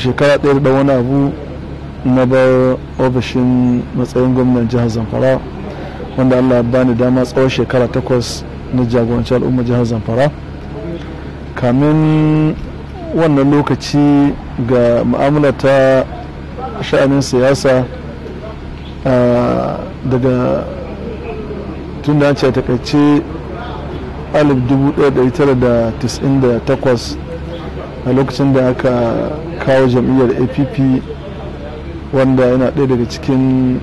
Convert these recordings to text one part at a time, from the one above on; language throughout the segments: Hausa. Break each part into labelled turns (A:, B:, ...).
A: shekara ɗaya da wani abu na bar ofishin matsayin gwamnan jihar zamfara wanda allah ya bani dama tsawon shekara takwas na jagoranci al'ummar jihar zamfara kamin wannan lokaci ga mu'amala ta sha'anin siyasa daga tun da ce takaice 1998 a lokacin da aka kawo jam'iyyar app wanda yana ɗaya daga cikin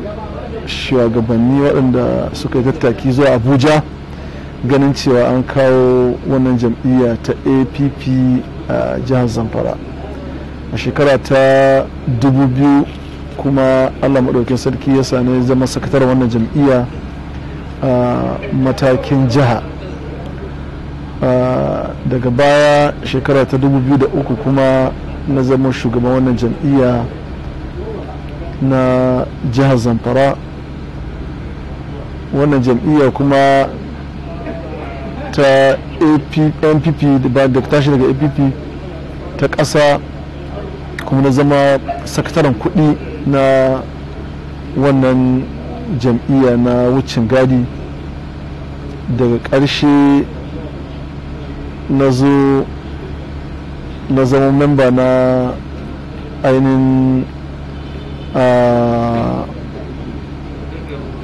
A: shugabanni waɗanda suka yi tattaki zuwa abuja ganin cewa an kawo wannan jam'iyya ta app a jihar zamfara a shekara ta 2000 kuma allah maɗaukin sarki ya sani zama sakatar wannan jam'iyya a matakin jiha daga baya shekara ta uku kuma na zama shugaban wannan jam'iyya na jihar zamfara wannan jam'iyya kuma ta npp da tashi daga app ta ƙasa kuma na zama sakataren kuɗi na wannan jam'iyya na wucin gadi daga ƙarshe na zo na zama memba na ainihin a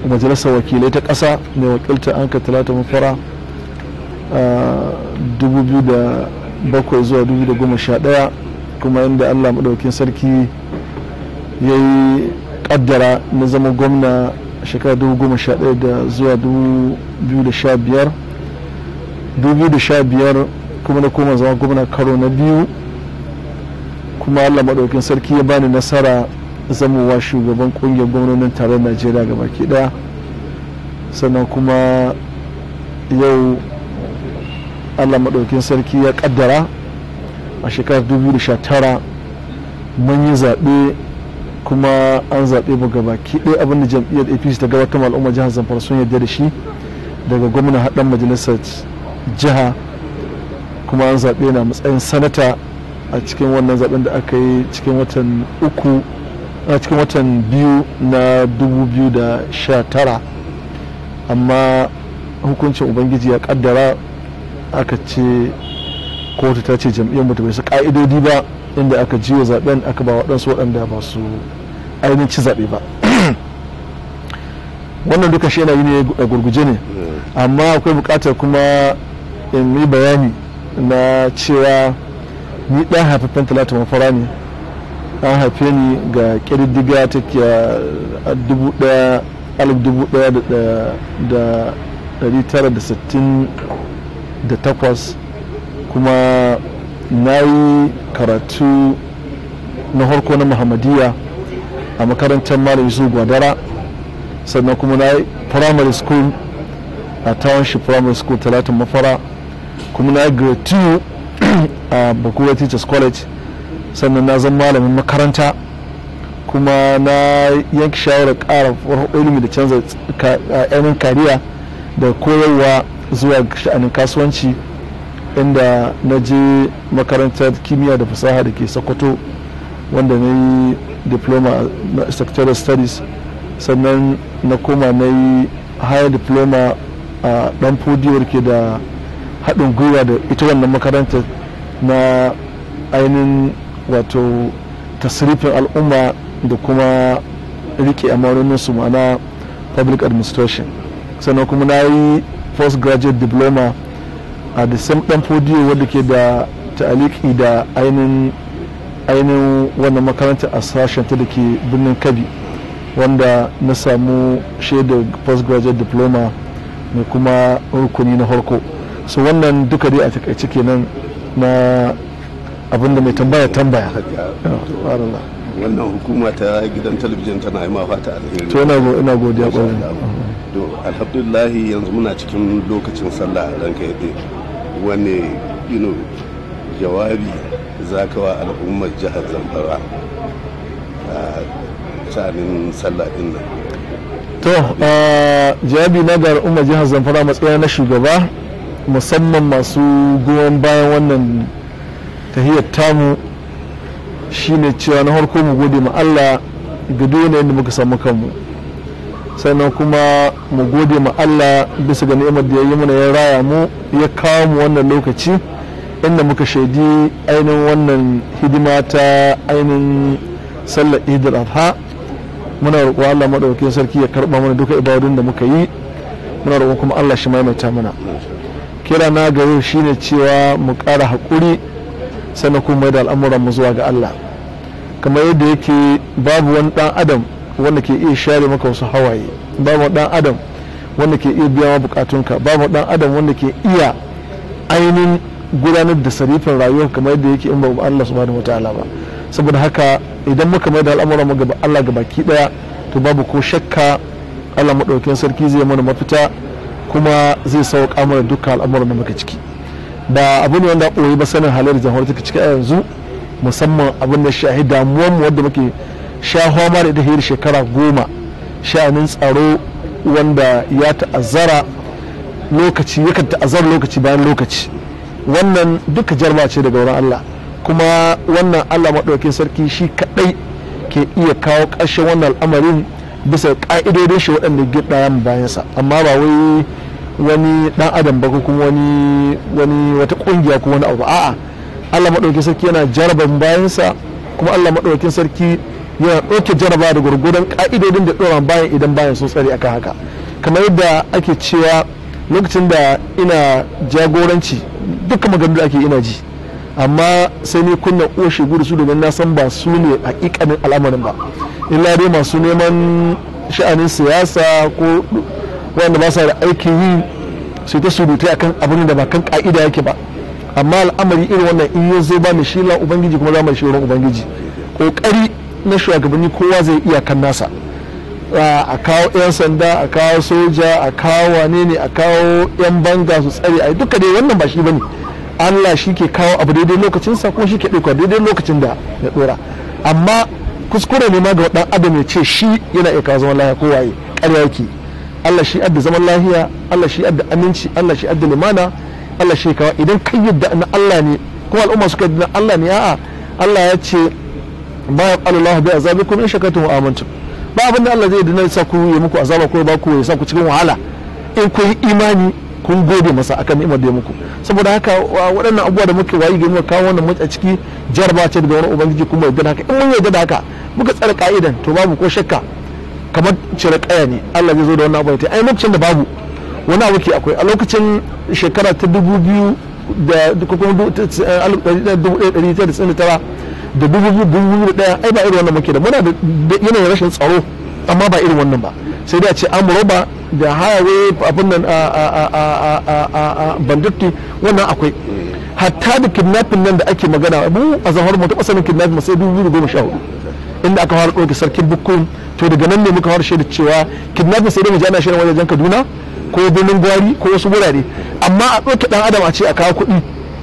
A: majalisar wakilai ta ƙasa mai wakilta an ka talata mafara 2007 zuwa 2011 kuma inda allah maɗaukin sarki ya yi ƙaddara na zama gwamna shekara 2011 da zuwa 2015 2015 kuma na koma zama gwamna karo na biyu kuma allah maɗaukin sarki ya bani nasara zamowa shugaban ƙungiyar gwamnonin taron najeriya ga baki ɗaya sannan kuma yau allah maɗaukin sarki ya ƙaddara a shekarar 2019 mun yi zaɓe kuma an zaɓe mu baki ɗaya abin da jam'iyyar apc ta gabatar al'umma jihar zamfara sun yarda da shi daga gwamna haɗin majalisar jiha kuma an zaɓe na matsayin sanata a cikin wannan zaɓen da aka yi cikin watan uku a cikin watan biyu na 2019 amma hukuncin ubangiji ya kaddara aka ce kotu ta ce jam'iyyar bai su ka'idodi ba inda aka jiwa zaɓen aka ba waɗansu waɗanda ba su ainihin zaɓe ba wannan duka shi yana yi ne a gurguje ne mm. amma akwai bukatar kuma in yi bayani na cewa ni ɗan haifafen talata mafara ne an haife ni ga ƙididdiga ta ke takwas kuma na yi karatu na harko na muhammadiyya a makarantar malam yusuf gwadara sannan kuma na yi primary school a township primary school talatin mafara kuma na grade a bakura teachers college sannan na zan malamin makaranta kuma na yanki shawarar kara ilimi da canza yanin kariya da koyarwa zuwa sha'anin kasuwanci inda na je makarantar kimiyya da fasaha da ke sokoto wanda na yi diploma na structural studies sannan na koma na yi higher diploma a dan podiyar ke da haɗin gwiwa da ita wannan makaranta na ainihin wato tasirifin al'umma da kuma rike amanoninsu ma'ana public administration sannan kuma na yi postgraduate diploma a the ɗan dan fodiyo wadda ke da ta'aliki da ainihin wannan makaranta a sashen ta da ke birnin kabi wanda na samu shaidar postgraduate diploma mai kuma rukuni na farko su wannan duka dai a takaice kenan na abinda mai tambaya tambaya
B: wannan hukuma ta gidan talabijin tana yi mafata alheri to ina ina godiya kwarai to alhamdulillah yanzu muna cikin lokacin sallah ranka yadda wani ino jawabi zaka wa al'ummar jihar Zamfara a tsanin sallah din nan
A: to jawabi na ga al'ummar jihar Zamfara matsaya na shugaba musamman masu goyon bayan wannan tahiyar tamu shine cewa na harko mu gode ma Allah ga duniya inda muka samu kanmu sannan kuma mu gode ma Allah bisa ga ni'imar da ya yi mana ya raya mu ya kawo mu wannan lokaci inda muka shaidi ainihin wannan hidima ta ainihin sallar idul adha muna roƙo Allah maɗaukakin sarki ya karba mana duka ibadun da muka yi muna roƙo kuma Allah shi maimaita mana kira na ga yau shine cewa mu ƙara haƙuri sannan kuma da mu zuwa ga Allah kamar yadda yake babu wani ɗan adam wanda ke iya share maka wasu hawaye babu ɗan adam wanda ke iya biya bukatunka babu ɗan adam wanda ke iya ainihin gudanar da sarifin rayuwa kamar yadda yake in ba babu Allah subhanahu wataala ba saboda haka idan muka mai da al'amuran mu ga Allah ga baki daya to babu ko shakka Allah madaukakin sarki zai mana mafita kuma zai sauka mana duka al'amuran da muka ciki ba abu ne wanda ɓoye ba sanin halar jamhuriyar take ciki a yanzu musamman abin da shahi damuwar mu wanda muke shahuwa ma da ita hiyar shekara goma sha'anin tsaro wanda ya ta'azzara lokaci yakan ta'azzara lokaci bayan lokaci wannan duka jarma ce daga wurin Allah kuma wannan Allah maɗaukin sarki shi kaɗai ke iya kawo ƙarshen wannan al'amarin bisa ƙa'idodin shi waɗanda gida bayansa amma ba wai wani dan adam ba ko kuma wani wata kungiya ko wani abu a'a Allah madauki sarki yana jarabar bayan sa kuma Allah madaukin sarki yana ɗauke jaraba da gwargwadon ka'idodin da doran bayan idan bayan sun tsare akan haka kamar yadda ake cewa lokacin da ina jagoranci duka maganar da ake ina ji amma sai ni kunna oshe gudu su domin na san ba su ne hakikanin al'amarin ba illa dai masu neman sha'anin siyasa ko wanda ba sa da aikin yi su ta surutai akan abin da ba kan ka'ida yake ba amma al'amari irin wannan in ya zo ba mai shi la ubangiji kuma za mu shi wurin ubangiji kokari na shugabanni kowa zai iya kan nasa a kawo 'yan sanda a kawo soja a kawo wane ne a kawo 'yan banga su tsare a duka dai wannan ba shi bane Allah shi ke kawo abu daidai lokacin sa kuma shi ke ɗauka daidai lokacin da ya ɗora amma kuskure ne ma ga ɗan adam ya ce shi yana iya kawo zaman lafiya ko waye ƙarya yake Allah shi adda zaman lahiya Allah shi adda aminci Allah shi adda limana Allah shi kawa idan kai yadda na Allah ne ko al'umma suka yadda na Allah ne a'a Allah ya ce ba ya qala Allah bi kuma in shakartum wa amantum ba abinda Allah zai yadda sa ku yi muku azaba ko ba ku ya sa ku cikin wahala in ku yi imani kun gode masa akan ni'imar da ya muku saboda haka waɗannan abubuwa da muke wayi gari kawo wannan mutu a ciki jarba ce daga wani ubangiji kuma yadda haka in mun yadda haka muka tsara ka'idan to babu ko shakka kamar cire kaya ne Allah zai zo da wannan abu ta ai lokacin da babu wani abu ke akwai a lokacin shekara ta dubu biyu da kuma tara da dubu biyu dubu biyu da ɗaya ai ba irin wannan muke da muna da yanayin rashin tsaro amma ba irin wannan ba sai dai a ce roba da hayawe abin nan a banditti wannan akwai hatta da kidnapping nan da ake magana mu a zahar mu ta kasanin kidnapping sai dubu biyu da goma sha hudu inda aka fara ɗauke sarkin bukkun to daga nan ne muka fara shaida cewa kidnapping sai dai mu ana shirin wajen kaduna ko birnin gwari ko wasu wurare amma a ɗauke ɗan adam a ce a kawo kuɗi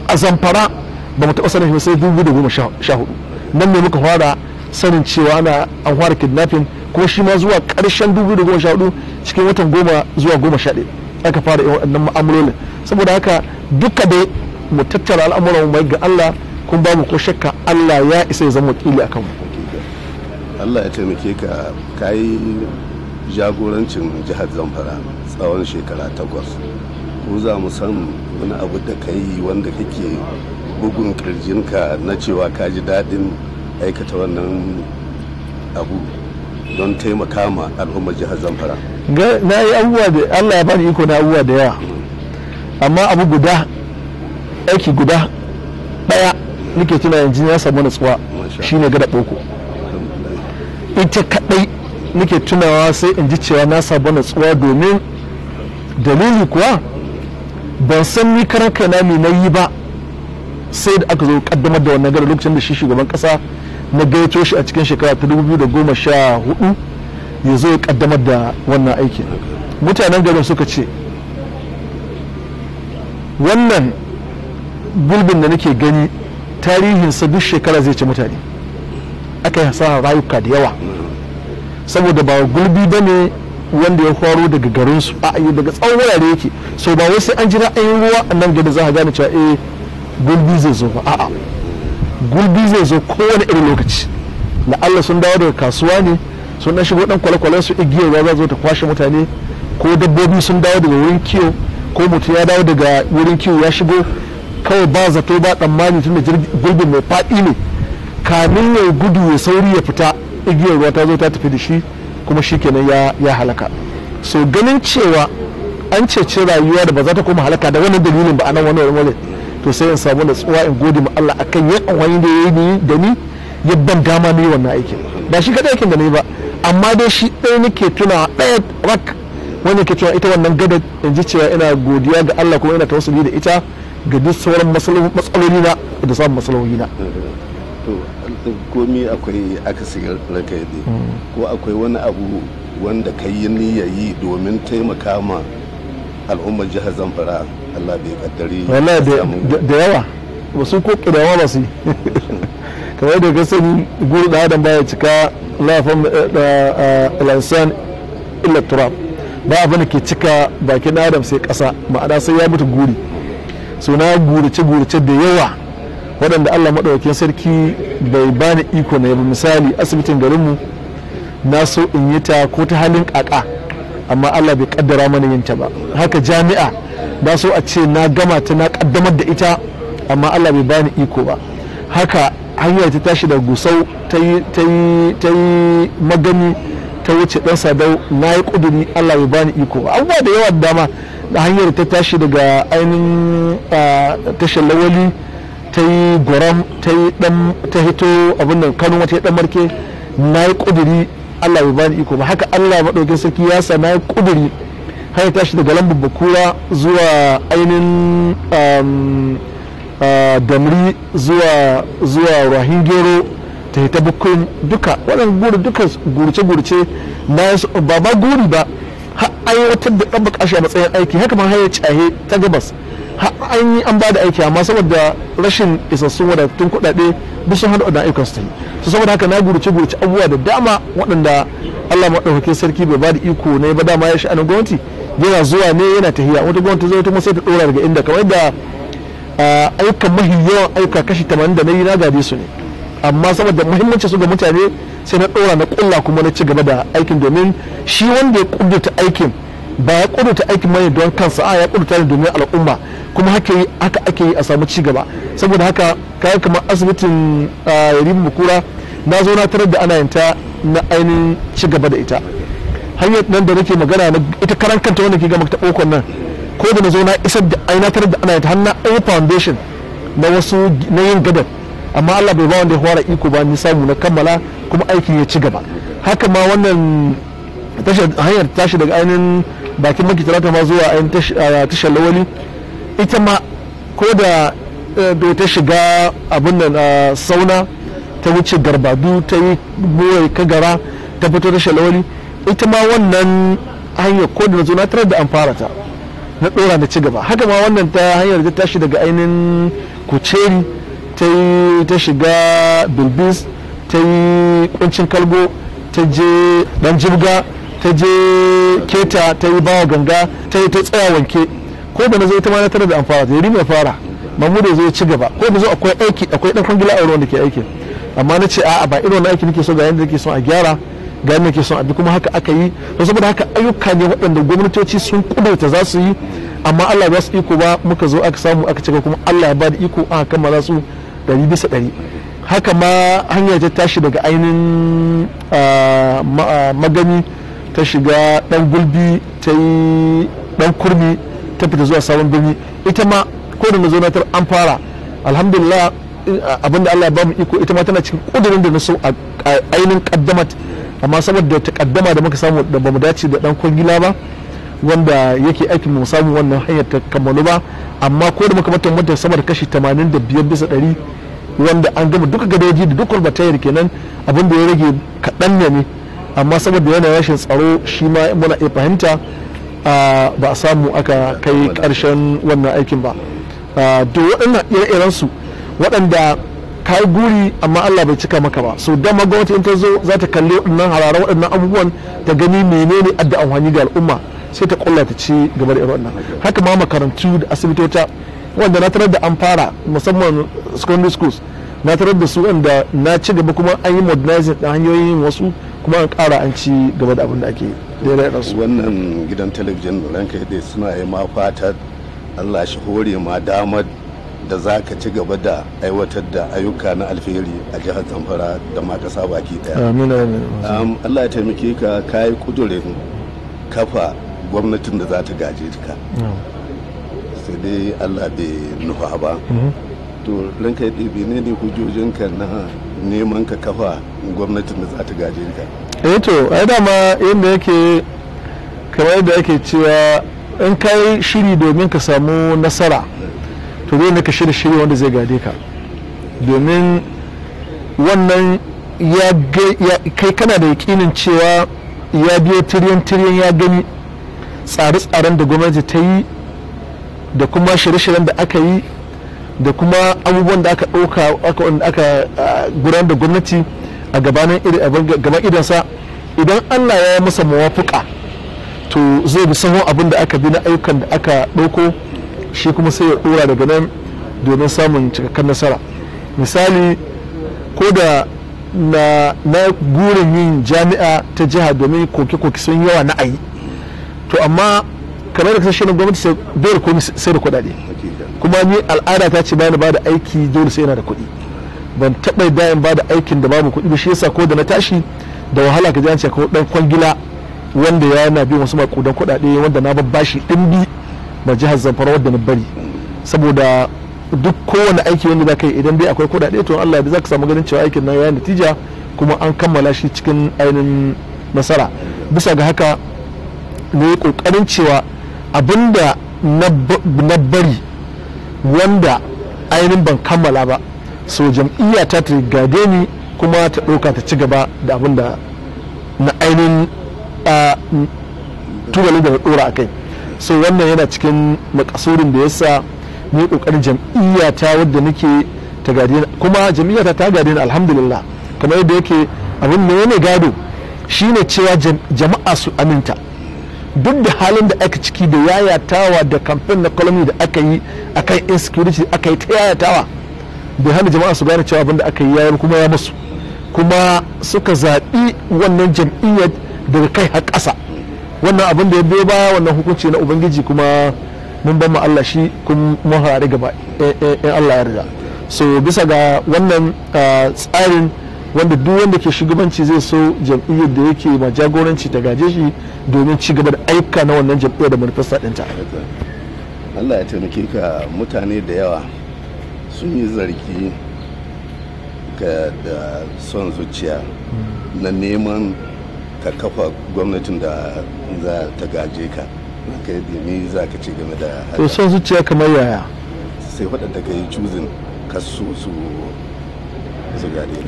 A: a zamfara ba mu taɓa sanin shi sai dubu da goma sha hudu nan ne muka fara sanin cewa na an fara kidnapping kuma shi ma zuwa ƙarshen dubu da goma sha hudu cikin watan goma zuwa goma sha ɗaya aka fara yin waɗannan mu'amalolin saboda haka duka dai mu tattara al'amuran mu ga Allah kun babu ko shakka Allah ya isa ya zama wakili akan mu
B: allah ya taimake ka kayi jagorancin jihar zamfara tsawon shekara takwas ko za mu san wani abu da ka yi wanda kake bugun kirjinka na cewa ka ji daɗin aikata wannan abu don taimaka ma al'ummar jihar zamfara
A: na yi abubuwa da allah ya bani iko na abubuwa da yawa amma abu guda aiki guda ɗaya nake tuna yanzu ya samu natsuwa shine gada ɓoko ita kadai nake tunawa sai in ji cewa na sabon natsuwa domin dalili kuwa ban san ni karan kaina me na yi ba sai da aka zo kaddamar da wannan gara lokacin da shi shugaban kasa na gaito shi a cikin shekara ta 2014 ya zo ya kaddamar da wannan aikin mutanen garin suka ce wannan gulbin da nake gani tarihinsa duk shekara zai ci mutane aka yi rayuka da yawa saboda ba gulbi ba ne wanda ya faru daga garinsu a ayi daga tsawon wurare yake so ba wai sai an jira an yi ruwa nan gida za a gane cewa eh gulbi zai zo ba a'a gulbi zai zo kowane irin lokaci Na Allah sun dawo daga kasuwa ne sun dan shigo dan kwale-kwalen su igiyar ba za zo ta kwashe mutane ko dabbobi sun dawo daga wurin kiwo ko mutum ya dawo daga wurin kiwo ya shigo kawai ba zato ba tsammani tun da gulbin mai faɗi ne kamin ya gudu ya sauri ya fita igiyar ruwa ta zo ta tafi da shi kuma shi kenan ya halaka so ganin cewa an cece rayuwa da ba za ta koma halaka da wannan dalilin ba a nan wani wani to sai in samu tsuwa in gode ma Allah akan yin amfani da ya yi da ni ya ban dama ne wannan aikin ba shi kaɗai aikin da ni ba amma dai shi ɗaya nake tuna ɗaya rak wani ke cewa ita wannan gada in ji cewa ina godiya ga Allah kuma ina tawassuli da ita ga duk sauran matsaloli na da samun matsaloli na
B: komi akwai akasin raka yadda ko akwai wani abu wanda ka yi niyyar yi domin taimaka ma al'ummar jihar zamfara allah bai kaddari
A: da yawa wasu ko kidawa ba su kamar da ka sani guri da adam baya cika lafan eh, eh, lansan electoral ba abin da ke cika bakin adam sai kasa ma'ana sai ya mutu guri suna gurice gurice da yawa waɗanda allah maɗaukakin sarki bai bani iko na yabi misali asibitin garinmu na so in yi ta ko ta halin ƙaƙa amma allah bai ƙaddara mana yin ta ba haka jami'a na so a ce na gama ta na ƙaddamar da ita amma allah bai bani iko ba haka hanyar ta tashi da gusau ta yi magani ta wuce ɗan sadau na yi ƙuduri allah bai bani iko ba abubuwa da yawa dama da hanyar ta tashi daga ainihin ah, tashar lawali ta yi goram ta yi dan ta hito abin nan kano wata dan marke na yi kuduri Allah bai bani iko ba haka Allah madaukin saki ya sa na yi kuduri har ya tashi daga lambun bakura zuwa ainihin um, uh, damri zuwa zuwa rahingero ta hita bukun duka waɗannan guri duka gurce-gurce na ba ba guri ba har aiwatar da ɗan bukashi a matsayin aiki haka ma har ya cahe ta gabas an yi an ba da aiki amma saboda rashin isassun wadatattun kuɗaɗe duk sun hada wadannan ayyukan su yi saboda haka na gurce gurce abubuwa da dama waɗanda Allah maɗaukakin sarki bai ba da iko ne ba dama ya shi sha'anin gwamnati yana zuwa ne yana tahiya wata gwamnati zai ta sai ta ɗora daga inda kamar da ayyukan mahi yawan ayyuka kashi 80 da na yi na gade su ne amma saboda muhimmanci su ga mutane sai na ɗora na kulla kuma na ci gaba da aikin domin shi wanda ya ƙudurta aikin ba ya kudurta aikin mai don kansa a ya kudurta ne domin al'umma kuma haka yi haka ake yi a samu ci gaba saboda haka kayan kamar asibitin yarim bukura na zo na tarar da ana yin ta na ainihin ci da ita hanyar nan da nake magana na ita karan kanta wanda ke gama ta ɓokon nan ko da na zo na isar da aina tarar da ana yin ta har na foundation na wasu na yin gadar amma Allah bai ba wanda ya fara iko ba ni samu na kammala kuma aikin ya ci gaba haka ma wannan tashar hanyar tashi daga ainihin bakin banki talata ma zuwa a tashar lawali ita ma ko da eh, ta shiga abin nan a sauna ta wuce garbadu ta yi moyar kagara ta fito tashar lawali ita ma wannan hanyar ko da na zo na tarar da an fara ta na dora da ci gaba haka ma wannan ta hanyar ta tashi daga ainihin kuceri ta yi ta shiga bilbis ta yi kuncin kalgo ta je dan jibga ta je keta ta yi bawa ganga ta yi ta tsaya wanke ko da na zo ita ma na tare da amfara ta mai fara mamu da zo ci gaba ko da zo akwai aiki akwai dan kwangila a wanda ke aiki amma na ce a'a ba irin wannan aiki nake so ga yanda nake so a gyara ga yanda nake so a bi kuma haka aka yi to saboda haka ayyuka ne waɗanda gwamnatoci sun kudurta za su yi amma Allah ba su iko ba muka zo aka samu aka cika kuma Allah ya ba da iko kan kammala su ɗari bisa ɗari haka ma hanyar ta tashi daga ainihin ah, ah, magani ta shiga dan gulbi ta yi dan kurmi ta fita zuwa sabon birni ita ma ko da mazonatar an fara alhamdulillah abinda Allah ya bamu iko ita ma tana cikin kudurin da na so a ainihin kaddamat amma saboda ta kaddama da muka samu da bamu dace da dan kwangila ba wanda yake aikin mu samu wannan hanyar ta kammalu ba amma ko da muka mutum mutum sama da kashi 85 bisa 100 wanda an gama duka gadoji da duk kwalbatayar kenan abinda ya rage kaɗan ne amma saboda yana rashin tsaro shi ma muna iya fahimta ba a samu aka kai karshen wannan aikin ba duk waɗannan ire-iren su waɗanda ka yi guri amma Allah bai cika maka ba so dama gwamnati in ta zo za ta kalli waɗannan harara waɗannan abubuwan ta gani menene adda amfani ga al'umma sai ta kulla ta ci gaba da irin haka ma makarantu da asibitota wanda na tarar da an fara musamman secondary schools na tarar da su wanda na ci gaba kuma an yi modernizing da hanyoyin wasu kuma an ƙara an ci gaba da abin da ake
B: daidai da su wannan gidan talabijin ranka yadda suna yi ma fatar allah shi hore ma damar da za ka ci gaba da aiwatar da ayyuka na alfahari a jihar zamfara da ma kasa baki daya allah ya taimake ka ka yi kudurin kafa gwamnatin da za ta gaje ka sai dai allah bai nufa ba mhm. to ranka yadda ne ne hujjojinka na neman ka kafa gwamnatin da za ta gaje ka
A: eh to ai dama inda yake kamar yadda yake cewa in kai shiri domin ka samu nasara to zai ne ka shirya shiri wanda zai gaje ka domin wannan ya kai kana da yakinin cewa ya biyo tiriyan tiriyan ya gani tsare-tsaren da gwamnati ta yi da kuma shirye-shiryen da aka yi da kuma abubuwan da aka ɗauka aka gudanar da gwamnati a gabanin gaban idansa idan allah ya yi masa mawafuka to zai bi sahun abin da aka bi na ayyukan da aka ɗauko shi kuma sai ya ɗora daga nan domin samun cikakken nasara misali ko da na, gurin yin jami'a ta jiha domin koke-koke sun yawa na ayi to amma kamar da kasashe na gwamnati sai da komi sai da kuɗaɗe kuma ni al'ada ta ce bani ba da aiki dole sai yana da kuɗi ban taɓa dayan ba da aikin da babu kuɗi ba shi yasa ko da na tashi da wahala ka ji an ce ko dan kwangila wanda ya na bin wasu makudan kuɗaɗe wanda na babbashi bi ba jihar zamfara wadda na bari saboda duk kowane aiki wanda za ka yi idan dai akwai kuɗaɗe to Allah da za ka samu ganin cewa aikin nan ya natija kuma an kammala shi cikin ainihin nasara bisa ga haka ne ƙoƙarin cewa abinda na bari wanda ainihin ban kammala ba so jam'iyya ta ta gade ni kuma ta ɗauka ta ci gaba da abin da na ainihin tubalin da na ɗora a kai so wannan yana cikin makasurin da yasa ni ƙoƙarin jam'iyya ta wadda nake ta gade kuma jam'iyya ta ta gade ni alhamdulillah kamar yadda yake abin da ya ne gado shine cewa jama'a su aminta duk da halin da aka ciki da yayatawa da kamfen na koloni da aka yi a kan insecurity aka yi ta yayatawa bai hana jama'a su gane cewa abinda aka yi yayar kuma ya musu kuma suka zaɓi wannan jam'iyyar daga kai har ƙasa wannan abin da ya biyo baya wannan hukunci na ubangiji kuma mun ban Allah shi kuma mun harare gaba eh, eh, in Allah ya riga so bisa ga wannan ah, tsarin wanda duk wanda ke shugabanci zai so jam'iyyar da yake ma jagoranci ta gaje shi domin ci gaba da aika na wannan jam'iyyar da manufarsa ɗinta
B: Allah ya taimake ka mutane da yawa sun yi zargi ga da son zuciya na neman ka kafa gwamnatin da za ta gaje ka ka yi za ka ci game da to son
A: zuciya kamar yaya
B: sai waɗanda ka yi cuzin ka su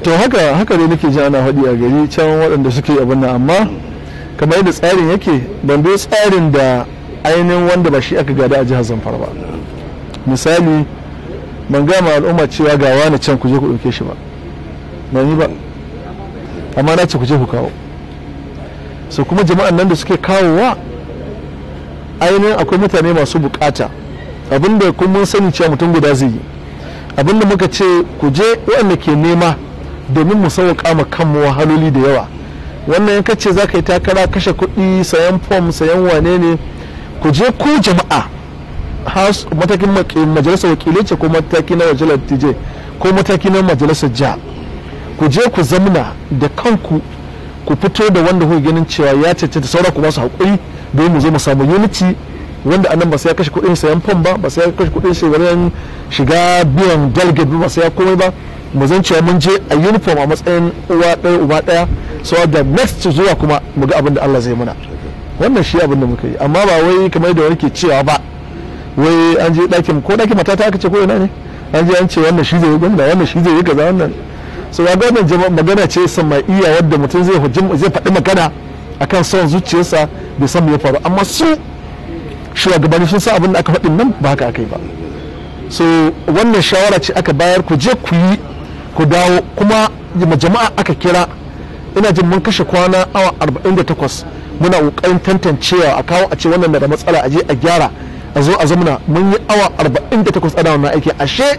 A: to haka haka ne nake jana ana a gari can waɗanda suke abin nan amma kamar yadda tsarin yake ban bi tsarin da ainihin wanda ba shi aka gada a jihar zamfara ba misali ban gama al'umma cewa ga wani can ku je ku ɗauke shi ba ban yi ba amma na ce ku je ku kawo su kuma jama'an nan da suke kawowa ainihin akwai mutane masu bukata abinda kun mun sani cewa mutum guda zai yi abinda muka ce ku je waɗanda ke nema domin mu sauƙa ma kanmu wahaloli da yawa wannan yanka ce za ka yi takara kashe kuɗi sayan fom sayan wane ne ku je ko jama'a matakin majalisar wakilai ce ko mataki na wajalar tije ko mataki na majalisar jiha ku je ku zamna da kanku ku fito da wanda kuke ganin cewa ya cancanta saura ku ba su haƙuri domin mu zo mu samu unity wanda anan ba sai ya kashe kudin sayan fom ba ba sai ya kashe kudin shigaran shiga biyan delegate ba sai ya komai ba mu zan cewa mun je a uniform a matsayin uwa ɗaya uba ɗaya so da next zuwa kuma mu ga abin da Allah zai muna wannan shi abin da muka yi amma ba wai kamar da wani ke cewa ba wai an je ɗakin ko ɗakin matata aka ce ko ina ne an je an ce wannan shi zai yi gwamna wannan shi zai yi kaza wannan so ya gwamnan magana ce iya wadda mutum zai faɗi magana akan son zuciyarsa bai san me ya faru amma su shugabanni sun san abin da aka faɗin nan ba haka aka yi ba so wannan shawara ce aka bayar ku je ku yi ku dawo kuma jama'a aka kira ina jin mun kashe kwana awa 48 muna kokarin tantancewa a kawo a ce wannan da matsala a je a gyara a zo a zamana mun yi awa 48 ana wannan aiki ashe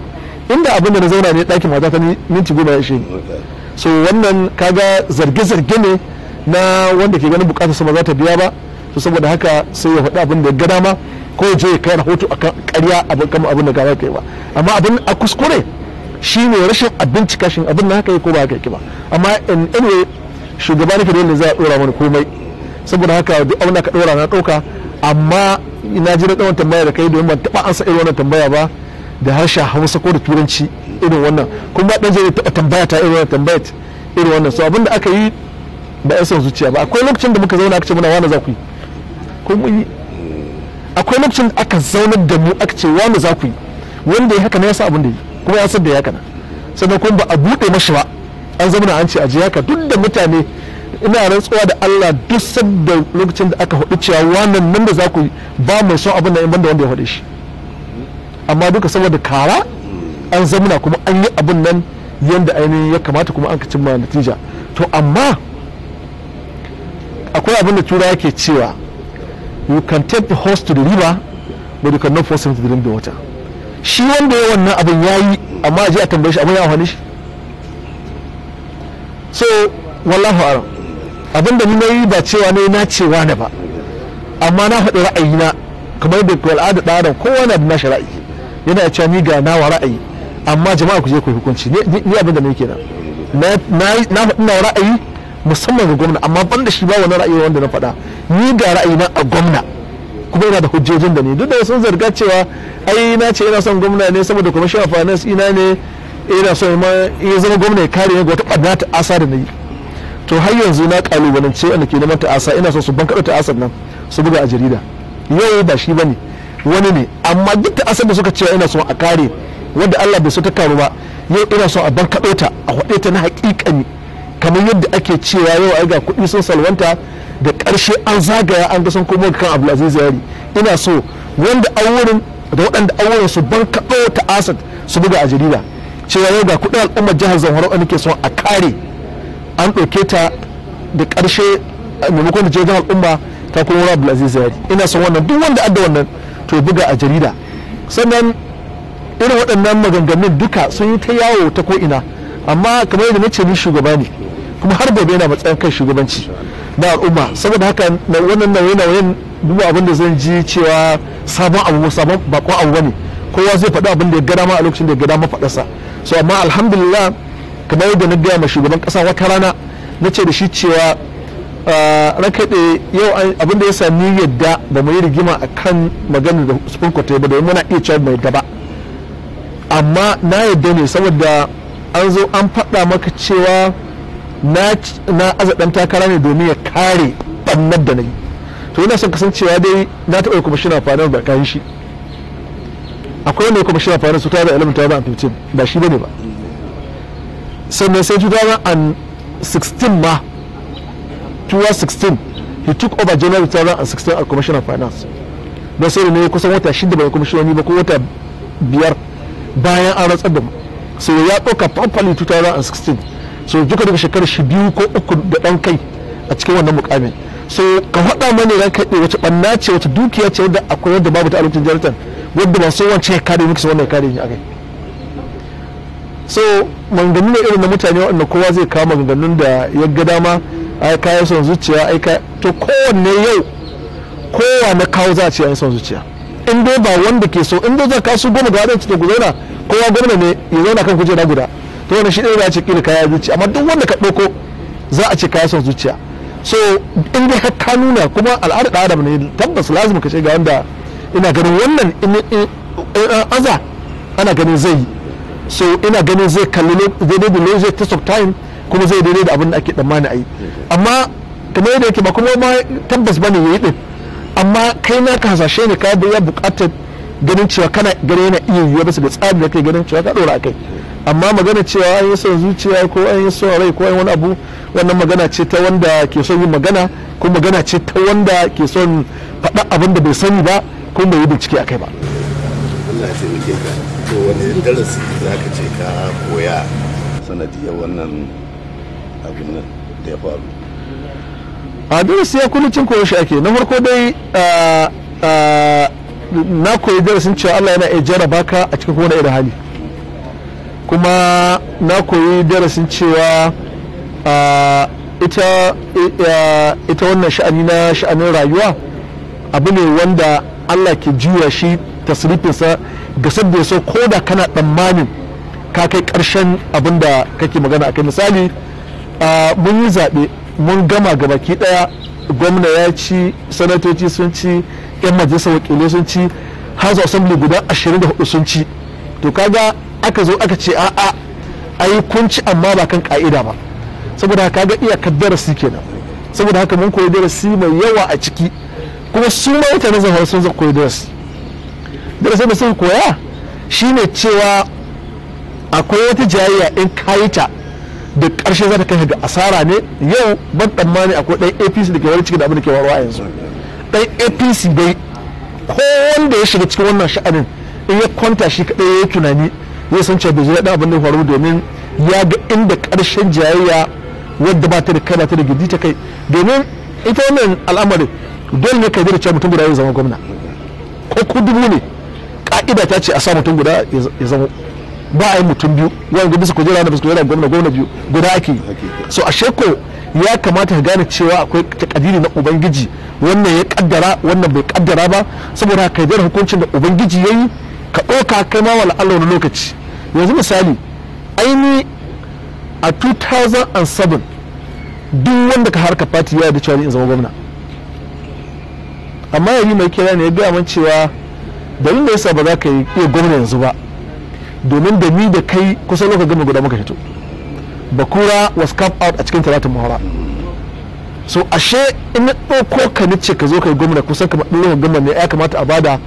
A: inda abin da na zauna ne ɗakin mata ta minti goma ya ishe so wannan kaga zarge-zarge ne na wanda ke ganin bukatar sama za ta biya ba to saboda haka sai ya faɗi abin da ya ga dama ko ya je ya kai rahoto akan ƙarya abin kama abin da ga kai ba amma abin a kuskure shine rashin abin cika shi abin da haka yi ko ba haka yi ba amma in anyway shugaba ne da zai ɗora mana komai saboda haka duk abin da ka ɗora na ɗauka amma na ji na tsawon tambaya da kai domin ban taɓa ansa irin wannan tambaya ba da harshen hausa ko da turanci irin wannan kuma ɗan zai taɓa tambaya ta irin wannan tambaya irin wannan so abin da aka yi ba ya son zuciya ba akwai lokacin da muka zauna aka ce muna wani za ku yi ko mun yi akwai lokacin da aka zaunar da mu aka ce wani za ku yi wanda ya haka ne ya sa abin da yi kuma ya san da ya haka na sannan kuma ba a buɗe mashi ba an zauna an ce a haka duk da mutane ina rantsuwa da Allah duk sadda lokacin da aka hudu cewa wannan nan da za ku yi ba mai son abin da in banda wanda ya hudu shi amma duka saboda kara an zauna kuma an yi abin nan yanda ainihin ya kamata kuma an ka cimma natija to amma akwai abin da tura yake cewa you can take the horse to the river but you cannot force him to drink the water shi wanda ya wannan abin ya yi amma ji a tambaye shi amma ya wani shi so wallahu aram abin da ni yi ba cewa ne na cewa ne ba amma na faɗi na kamar da al'ada ɗan adam kowa na shi nashi ra'ayi yana cewa ni ga nawa ra'ayi amma jama'a ku je ku hukunci ni abin da ne kenan na faɗi na ra'ayi musamman ga gwamna amma ban da shi ba wani ra'ayi wanda na faɗa ni ga ra'ayina a gwamna kuma yana da hujjojin da ni duk da sun zarga cewa ai na ce yana son gwamna ne saboda kuma shi finance ina ne yana son ma ya zama gwamna ya kare ne ga wata ɓarna ta asa da na yi to har yanzu na kalubalance wanda ke neman ta'asa ina son su bankaɗo ta'asar nan su buga a jarida yau ba shi bane wani ne amma duk asar da suka cewa ina son a kare wanda Allah bai so ta karu ba yau ina son a bankaɗo ta a hwaɗe ta na haƙiƙani kamar yadda ake cewa yau ai ga kuɗi sun salwanta da ƙarshe an zagaya an ga sun komo kan abdulaziz yari ina so wanda an da waɗanda an su ban kaɗo ta asad su buga a jarida cewa yau ga kuɗin al'ummar jihar zamfara wani ke son a kare an ɗauke ta da ƙarshe maimakon da jirgin al'umma ta kuma wura abdulaziz yari ina son wannan duk wanda adda wannan to buga a jarida sannan irin waɗannan maganganun duka sun yi ta yawo ta ko'ina amma kamar yadda na ce ni shugaba ne kuma har gobe yana matsayin kan shugabanci na al'umma saboda haka wannan nauye-nauyen dubu abin da zan ji cewa sabon abu sabon bakon abu bane kowa zai faɗi abin da ya gada ma a lokacin da ya gada ma faɗarsa so amma alhamdulillah kamar da na gaya ma shugaban ƙasa wata rana na ce da shi cewa ah, rakaɗe yau abin da ya sami yadda ba mu yi rigima a kan maganar da supreme court ba domin muna iya cewa mai gaba amma na yadda ne saboda an zo an faɗa maka cewa na aza dan takara ne domin ya kare bannar da na yi to yana son kasancewa dai na taɓa kuma shi na da ba kayan shi akwai wanda kuma shi na su ta da ilimin ta ba a ba shi bane ba sannan sai 2016 ma 2016 he took over january 2016 a commissioner of finance don sai ne kusan wata shida bai kwamishinoni ba ko wata biyar bayan an ratsar da mu sai ya ɗauka properly 2016 so duka daga shekarar shi biyu ko uku da ɗan kai a cikin wannan mukamin so ka faɗa mani ran kaɗe wace ɓanna ce wace dukiya ce wadda akwai wadda babu ta alumcin jaratan wadda ba so wance ya kare miki wannan ya kare ni akai so mangani ne irin na mutane wanda kowa zai kawo maganganun da ya ga dama ai kayan son zuciya ai ka to kowanne yau kowa na kawo za a ce ai son zuciya in dai ba wanda ke so in dai za ka su goma ga wadanda ta gudana kowa gwamna ne ya zauna kan kujera guda to wani shi ɗaya za a ce kila kaya zuciya amma duk wanda ka ɗauko za a ce kaya son zuciya so in dai ka nuna kuma al'adar da adam ne tabbas lazim ka ce ga wanda ina ganin wannan in aza ana ganin zai yi so ina ganin zai kalli daidai da lazy test of time kuma zai daidai da abin da ake tsammani a yi amma kamar yadda yake ba kuma ma tabbas bane yayi din amma kai na ka hasashe ne ka ya bukatar ganin cewa kana gare yana iya yiwuwa bisa da tsarin da kai ganin cewa ka dora kai. amma magana cewa an yi son zuciya ko an yi son rai ko an wani abu wannan magana ce ta wanda ke son yin magana ko magana ce ta wanda ke son faɗa abin da bai sani ba ko bai yi bincike a kai ba
B: Allah ya taimake ka to wani darasi za ka ce ka koya sanadiyar wannan abin da ya faru
A: a darasi ya kullum cin koyo shi ake na farko dai na koyi darasin cewa Allah yana iya jarraba ka a cikin kowane irin hali kuma na koyi darasin cewa ita ita wannan sha'ani na sha'anin rayuwa abu ne wanda Allah ke juya shi tasirifinsa ga sabbin ya so ko da kana tsammanin ka kai karshen abin da kake magana akai misali mun yi zaɓe mun gama gabaki ɗaya gwamna ya ci sanatoci sun ci 'yan majalisar wakilai sun ci house assembly guda 24 sun ci to kaga aka zo aka ce a'a ayi kunci amma ba kan ka'ida ba saboda kaga kaddara darasi kenan saboda haka mun koyi darasi mai yawa a ciki kuma su ma na zahar sun zai koyi darasi darasin da suka koya shine cewa akwai wata jayayya in kayi ta da ƙarshe za ta kai ga asara ne yau ban tsammani akwai ɗan apc da ke wani cikin da abin da ke warwa yanzu ɗan apc dai ko wanda ya shiga cikin wannan sha'anin in ya kwanta shi kaɗai ya yi tunani ya san cewa bai ji daɗin abin da faru domin ya ga inda ƙarshen jayayya wadda ba ta da kai ba ta da gidi ta kai domin ita wannan al'amarin dole ne kai da cewa mutum guda ya zama gwamna ko ku dubu ne ka'ida ta ce a sa mutum guda ya zama ba a yi mutum biyu wanda bisa kujera da bisa kujera gwamna gwamna biyu guda ake so a sheko ya kamata ka gane cewa akwai takadiri na ubangiji wannan ya kaddara wannan bai kaddara ba saboda haka da hukuncin da ubangiji ya yi ka ɗauka kai ma wa Allah wani lokaci yanzu misali aini a 2007 duk wanda ka harka fati ya da cewa in zama gwamna amma yari mai kira ne ya gaya man cewa dalilin da yasa ba za ka yi iya gwamna yanzu ba domin da ni da kai kusan lokacin gama guda muka fito bakura was cap out a cikin talatin muhara so ashe in na ɗauko ka ce ka zo ka yi gwamna kusan kamar ɗin lokacin gama ne ya kamata a bada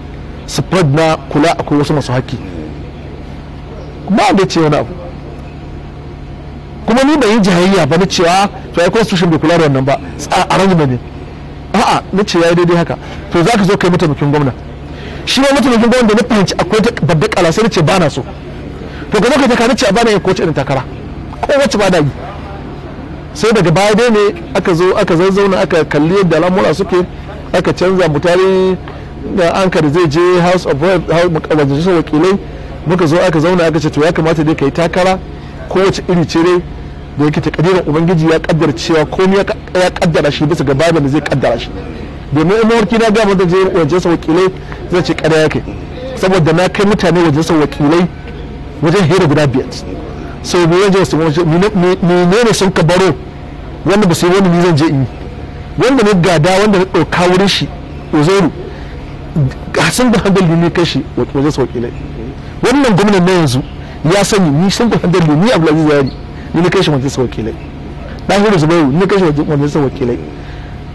A: spread na kula akwai wasu masu haƙƙi ba a ce wani abu kuma ni ban yi jihayya ba na cewa to ai constitution bai kula da wannan ba a rangina ne a'a na ce yayi daidai haka to zaka zo kai mataimakin gwamna shi ma mataimakin gwamna da na fahimci akwai babbar kala sai na ce ba na so to ga lokacin ka na ce a bana yin kowace irin takara kowace ba da yi sai daga baya dai ne aka zo aka zazzauna aka kalli yadda al'amura suke aka canza mutane da ankara zai je house of majalisar wakilai muka zo aka zauna aka ce to ya kamata dai kai takara kowace iri ce dai da yake ta kadirin ubangiji ya kaddara cewa komai ya kaddara shi bisa ga babin da zai kaddara shi domin umar ki na gama da je majalisar wakilai zai ce kada ya kai saboda na kai mutane sa wakilai wajen hira guda biyar so me yaje su ne sun ka baro wanda ba su yi wani ni zan je in yi wanda ne gada wanda na ɗauka wurin shi uzoru gasan da handal ne kashi wajen sauki ne wannan gwamnan na yanzu ya sani ni san da handal ne abdulaziz yari ni ne kashi wajen sauki ne dan hudu zubairu ni kashi wajen sauki ne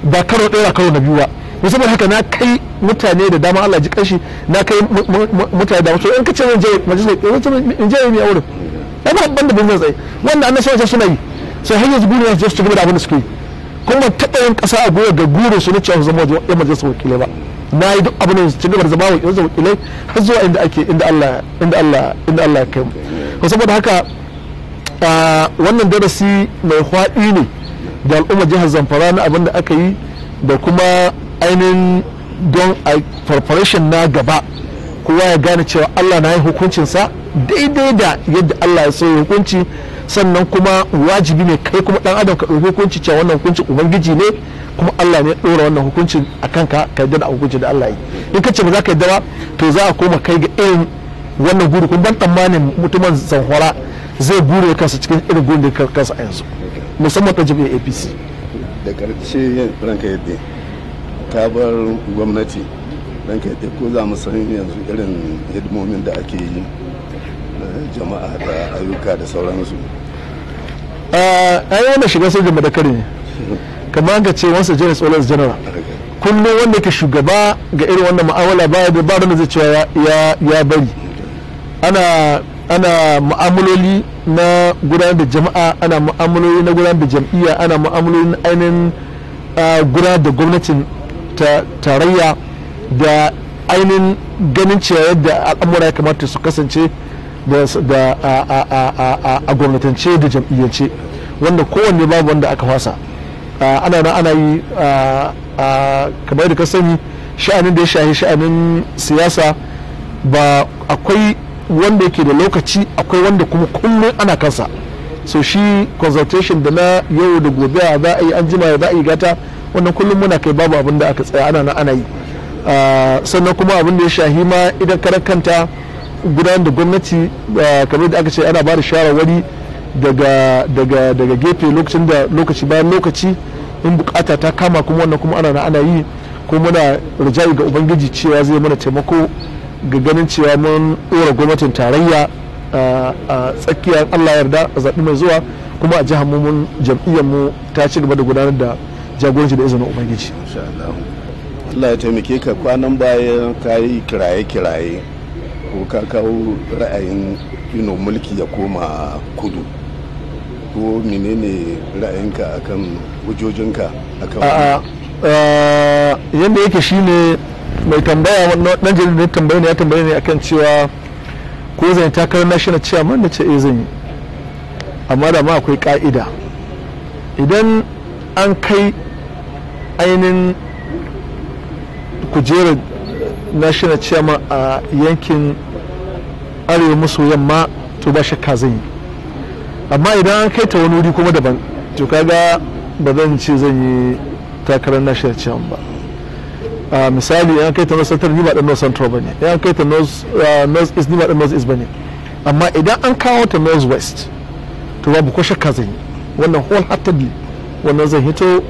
A: ba karo ɗaya karo na biyu ba musamman haka na kai mutane da dama Allah ji kashi na kai mutane da wasu in kace zan je majalisar ɗaya wacce in je ne a wurin ai ba ban da bin tsaye wanda an nasarar suna yi sai hanyar yanzu gurin su ci gaba da abin da suke yi kuma taɓa yin ƙasa a goya ga gurin su na cewa su zama zai majalisar wakilai ba na yi duk abin da ci gaba da zama wa ƙirza wakilai har zuwa inda ake inda Allah inda kai mu saboda haka wannan darasi mai hwaɗi ne da al'ummar jihar Zamfara na abin da aka yi da kuma ainihin don a preparation na gaba kowa ya gane cewa Allah na yi hukuncinsa daidai da yadda Allah ya so hukunci sannan kuma wajibi ne kai kuma dan adam ka ɗauki hukunci cewa wannan hukuncin ubangiji ne kuma Allah ne ɗora wannan hukuncin a kanka ka yadda da hukuncin da Allah yi in ka ce ba za ka yadda ba to za a koma kai ga irin wannan guri kuma ban tsammanin mutumin zanhora zai gure kansa cikin irin gurin da kansa a yanzu musamman ta jami'ar apc
B: da karshe ranka yadda ta bar gwamnati ranka yadda ko za mu san yanzu irin hidimomin da ake yi jama'a da ayyuka da sauransu
A: a ah, wani shiga sojan madakari ne kamar ga ce wasu janar tsoron general kullum wanda ke shugaba ga irin wannan ma'amala ba da ba da zai cewa ya bari ana ana na gudanar da jama'a ana ma'amaloli na gudanar da jam'iyya ana ma'amaloli na ainihin gudanar da gwamnatin tarayya da ainihin ganin cewa yadda al'amura ya kamata su kasance da a gwamnatance da jam'iyyance wanda kowanne babu wanda aka fasa ana nan ana yi kamar da ka sani sha'anin da ya shahi sha'anin siyasa ba akwai wanda yake da lokaci akwai wanda kuma kullum ana kansa so shi consultation da na yau da gobe a za a yi an jima za a yi gata wannan kullum muna kai babu abin da aka tsaya ana nan ana yi sannan kuma abin da ya shahi ma idan karan kanta gudanar da gwamnati kamar da aka ce ana ba da shawarwari daga gefe lokacin da lokaci bayan lokaci in bukata ta kama kuma wannan kuma ana ana yi ko muna rijayi ga ubangiji cewa zai mana taimako ga ganin cewa mun ɗora gwamnatin tarayya a tsakiyar allah yarda a zaɓi mai zuwa kuma a jihar mu mun jam'iyyar mu ta ci gaba da gudanar da jagoranci da izinin ubangiji
B: allah ya taimake ka kwanan baya ka yi kiraye-kiraye ko ka kawo ra'ayin mulki ya koma kudu ko menene ra'ayinka akan hujjojinka akan
A: a'a eh, yadda yake shine mai tambaya dan jaridar ne tambaye ne ya tambaye ne akan cewa ko zan takarar national chairman na ce e zan yi amma da ma akwai ka'ida idan an kai ainihin kujerar eh, national chairman a yankin arewa maso yamma to ba shakka zan yi amma idan an kai ta wani wuri kuma daban to kaga ba zan ce zan yi takarar national chairman ba a misali yan kai ta north central ni ba dan north central bane yan kai ta north east ni ba dan north east bane amma idan an kawo ta north west to babu ko shakka zan yi wannan wholeheartedly wannan zan hito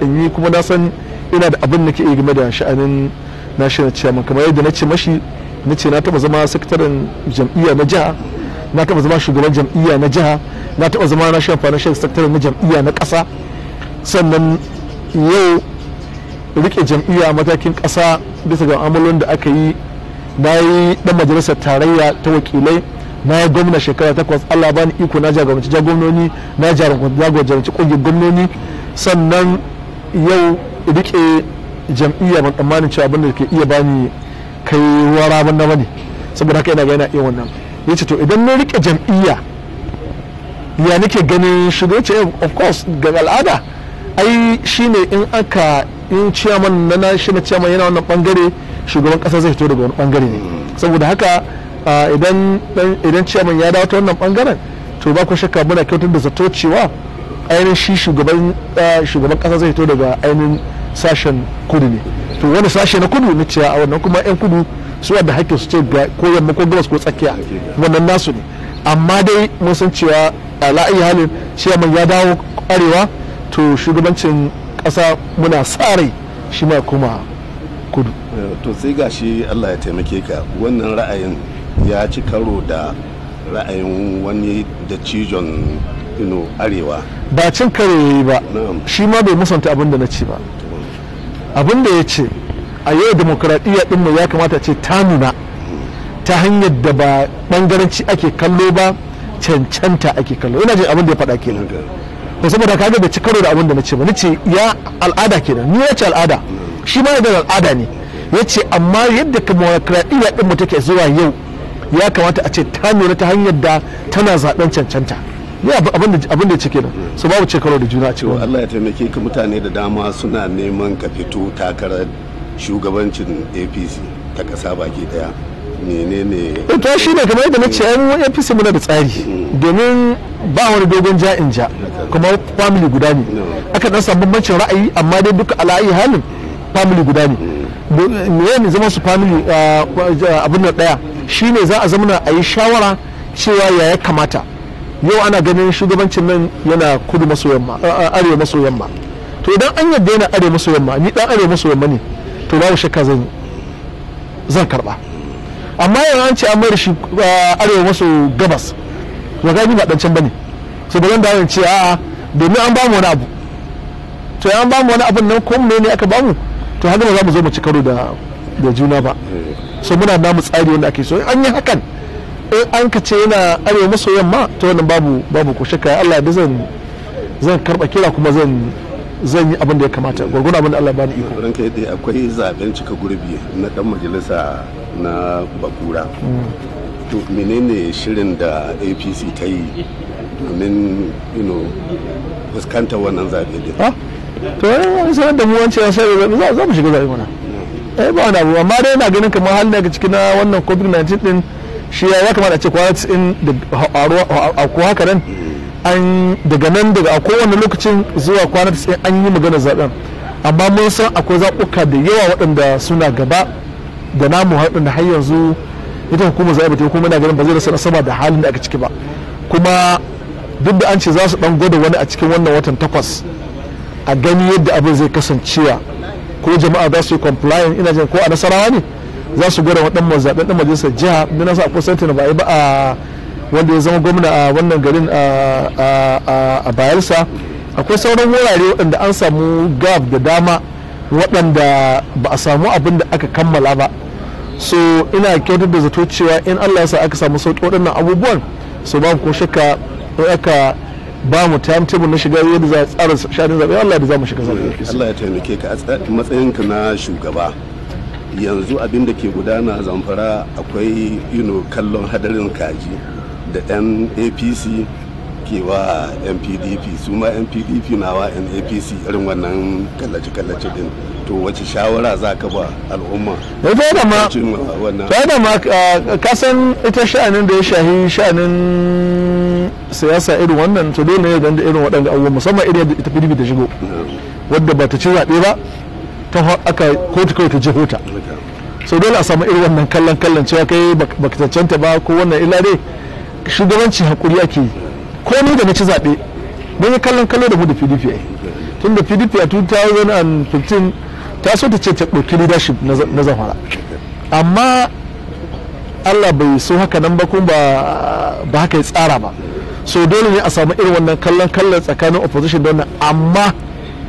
A: in yi kuma na san ina da abin da ke game da sha'anin national chairman kamar yadda na ce mashi na ce na taba zama sakataren jam'iyya na jiha na taba zama shugaban jam'iyya na jiha na taba zama na shan financial secretary na jam'iyya na ƙasa sannan yau rike jam'iyya matakin ƙasa bisa ga amalon da aka yi na yi ɗan majalisar tarayya ta wakilai na yi gwamna shekara takwas allah bani iko na jagoranci gwamnoni na jagoranci ƙungiyar gwamnoni sannan yau rike jam'iyya ban tsammanin cewa abin da ke iya bani kai ruwa rabin na bane saboda haka yana ga yana iya wannan ya ce to idan na rike jam'iyya ya nake ganin shiga ce eh, of course ga al'ada ai shine in aka in ciyaman na shi na ciyaman yana wannan bangare shugaban kasa zai fito daga wani bangare ne saboda haka idan idan ciyaman ya dawo ta wannan bangaren to ba ku shakka muna kyautar da zato cewa ainihin shi shugaban shugaban kasa zai fito daga ainihin sashen kudu ne to wani sashe na kudu na ciya a wannan kuma yan kudu su da haƙƙi su ce ko yamma ko gabas ko tsakiya wannan nasu ne amma dai mun san cewa a la'ayi halin ciyaman ya dawo arewa to shugabancin ƙasa muna sa rai shi ma kuma
B: kudu to sai gashi Allah ya taimake ka wannan ra'ayin ya ci karo da ra'ayin wani da cijon
A: arewa ba cin kare ba shi ma bai musanta abin da na ce ba abin da ya ce a yau demokuraɗiyya ɗinmu ya kamata ce ta nuna ta hanyar da ba ɓangaranci ake kallo ba cancanta ake kallo ina jin abin da ya faɗa kenan to saboda ga bai ci karo da abin da na ce ba nace ya al'ada kenan ni nace al'ada shi ma da al'ada ne yace amma yadda demokradiyya ɗin mu take zuwa yau ya kamata a ce ta nuna ta hanyar da tana zaɓen cancanta ya abin da abin da kenan su babu cekaro da juna cewa Allah
B: ya taimake ka mutane da dama suna neman ka fito takarar shugabancin apc ta kasa baki daya menene ita eh, shi ne kamar yadda na ce
A: yan apc muna da tsari mm. domin ba wani dogon ja in ja kuma family guda ne aka dan samu bambancin ra'ayi amma dai duka ala'ayi halin family guda ne mm. me ne zama su family ah, abin da daya shine za a zamana a yi shawara cewa ya ya kamata yau ana ganin shugabancin nan yana kudu maso yamma ah, ah, arewa maso yamma to idan an yadda yana arewa maso yamma ni dan arewa maso yamma ne to babu shakka zan zan karba amma yanzu an ce an mai shi ah, arewa maso gabas ba ga ni ba dancan bane so bazan da dawo ce a'a domin an bamu wani abu to an bamu wani abun nan ko ne aka bamu to haka ba za mu zo mu ci karo da da juna ba so muna mu tsari wanda ake so an yi hakan in an ka ce yana arewa maso yamma to wannan babu babu ko shakka Allah da zan zan karba kira kuma zan zan yi abin da ya kamata gwargwadon abin da Allah bani iko
B: ranka yadda akwai zaben cika gurbi na dan majalisa na bakura to menene shirin da APC ta yi domin
A: you know fuskanta
B: wannan zabe din
A: to yayin sanar da mu wancan ya sai za mu shiga zabe mana eh ba wani abu amma dai ina ganin kamar halin daga cikin na wannan covid-19 din shi ya kamata a ce kwana in da ko haka nan an daga nan daga a kowane lokacin zuwa kwana tsaye an yi magana zaben amma mun san akwai zaɓuka da yawa waɗanda suna gaba da namu da har yanzu ita hukumar zaɓe ta kuma ganin ba zai rasa sama da halin da aka ciki ba kuma duk da an ce za su ɗan gwada wani a cikin wannan watan takwas a gani yadda abin zai kasancewa ko jama'a za su yi compliant ina jin ko a nasarawa ne za su gwada waɗannan zaɓen ɗan majalisar jiha na ba a yi ba a wanda ya zama gwamna a wannan garin a bayelsa akwai sauran wurare waɗanda an samu gab da dama waɗanda ba a samu abin da aka kammala ba so ina kyautar da zato cewa in allah ya sa aka samu sauƙi waɗannan abubuwan so babu ko shakka in aka ba mu timetable na shiga yadda za a tsara shaɗin zaɓe allah da za mu shiga zaɓe
B: allah ya taimake ka a matsayinka na shugaba yanzu abin da ke gudana zamfara akwai kallon hadarin kaji da yan apc ke wa su ma mpdp na wa NAPC irin wannan kallace-kallace din to wace shawara za ka ba al'umma da eh, da ma
A: ah, kasan ita sha'anin da ya shahi sha'anin siyasa irin wannan to dole ne da irin waɗanda abubuwa musamman irin da ita pdp ta shigo wadda ba ta ci zaɓe ba ta aka kotu kawai ta jihota so dole a samu irin wannan kallon kallon cewa kai baka cancanta ba ko wannan illa dai shugabanci hakuri ake yi Ko ni da na ci zaɓe mun yi kallon kallo da mu da pdp tun da pdp a 2015 ta so ta ce ta ɗauki leadership na zamfara amma allah bai so haka nan ba kuma ba haka ya tsara ba so dole ne a samu irin wannan kallon kallon tsakanin opposition don amma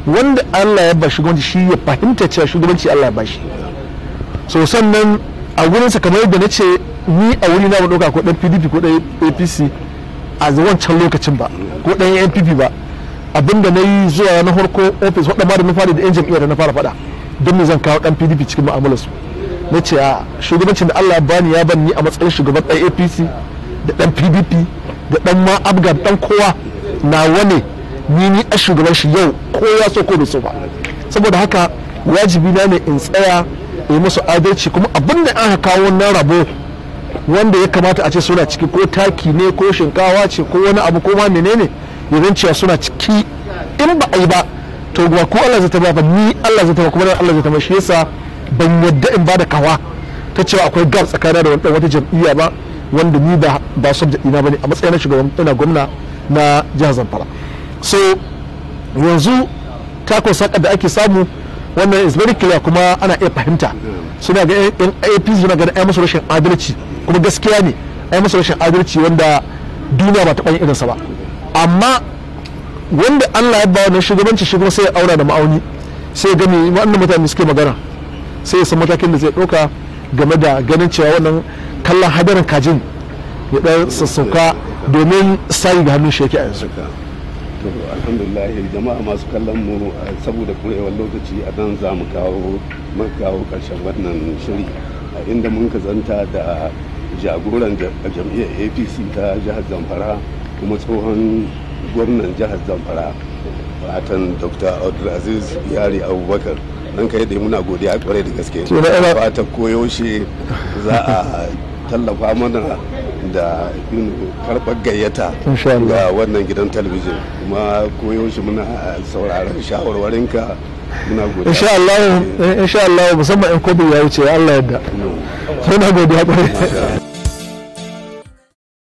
A: wanda allah ya ba shugabanci shi ya fahimta cewa shugabanci allah ya ba shi so sannan a gurinsa kamar yadda na ce ni a wuri na ɗauka ko ɗan pdp ko ɗan apc a wancan lokacin ba ko ɗan npp ba abinda na yi zuwa na farko ofis waɗanda da na fara da yan jam'iyyar na fara faɗa don me zan kawo ɗan pdp cikin mu'amalarsu na ce a shugabancin da allah bani ya bani a matsayin shugaban ɗan apc da ɗan pdp da ɗan ma abga ɗan kowa na wane ni ni a shugaban shi yau kowa so ko so ba saboda haka wajibi na ne in tsaya in musu adalci kuma abinda an aka kawo na rabo wanda ya kamata a ce suna ciki ko taki ne ko shinkawa ce ko wani abu ko ma menene ya cewa suna ciki in ba a yi ba to ba ko Allah zai taba ba ni Allah zai taba kuma dan Allah zai taba shi yasa ban yadda in bada kawa ta cewa akwai gab tsakanin da wani wata jam'iyya ba wanda ni ba ba sabda ina bane a matsayin shugaban ina gwamna na jihar Zamfara so yanzu takon sakar da ake samu wannan is very clear kuma ana iya fahimta suna ga yan apc suna ganin ai masu rashin adalci kuma gaskiya ne ai masu rashin adalci wanda duniya ba ta yin irinsa ba amma wanda allah ya ba wannan shugabanci shi kuma sai ya aura da ma'auni sai ya gani wannan mutane suke magana sai ya san matakin da zai ɗauka game da ganin cewa wannan kallon hadarin kajin ya ɗan sassauka domin sayi ga hannun shi yake a yanzu
B: to alhamdulillah jama'a masu kallon mu saboda kurewar lokaci a nan za mu kawo kawo karshen wannan shiri a inda mun kazanta da jagoran jam'iyyar apc ta jihar zamfara kuma tsohon gwamnan jihar zamfara fatan dr abdulaziz yari abubakar nan yi da muna godiya kwarai da gaske fatan koyaushe za a tallafa mana da karɓar gayyata ga wannan gidan talabijin kuma koyaushe muna sauraron shawarwarinka muna godiya insha Allah
A: Allah musamman in kobi ya wuce Allah yadda muna godiya kwarai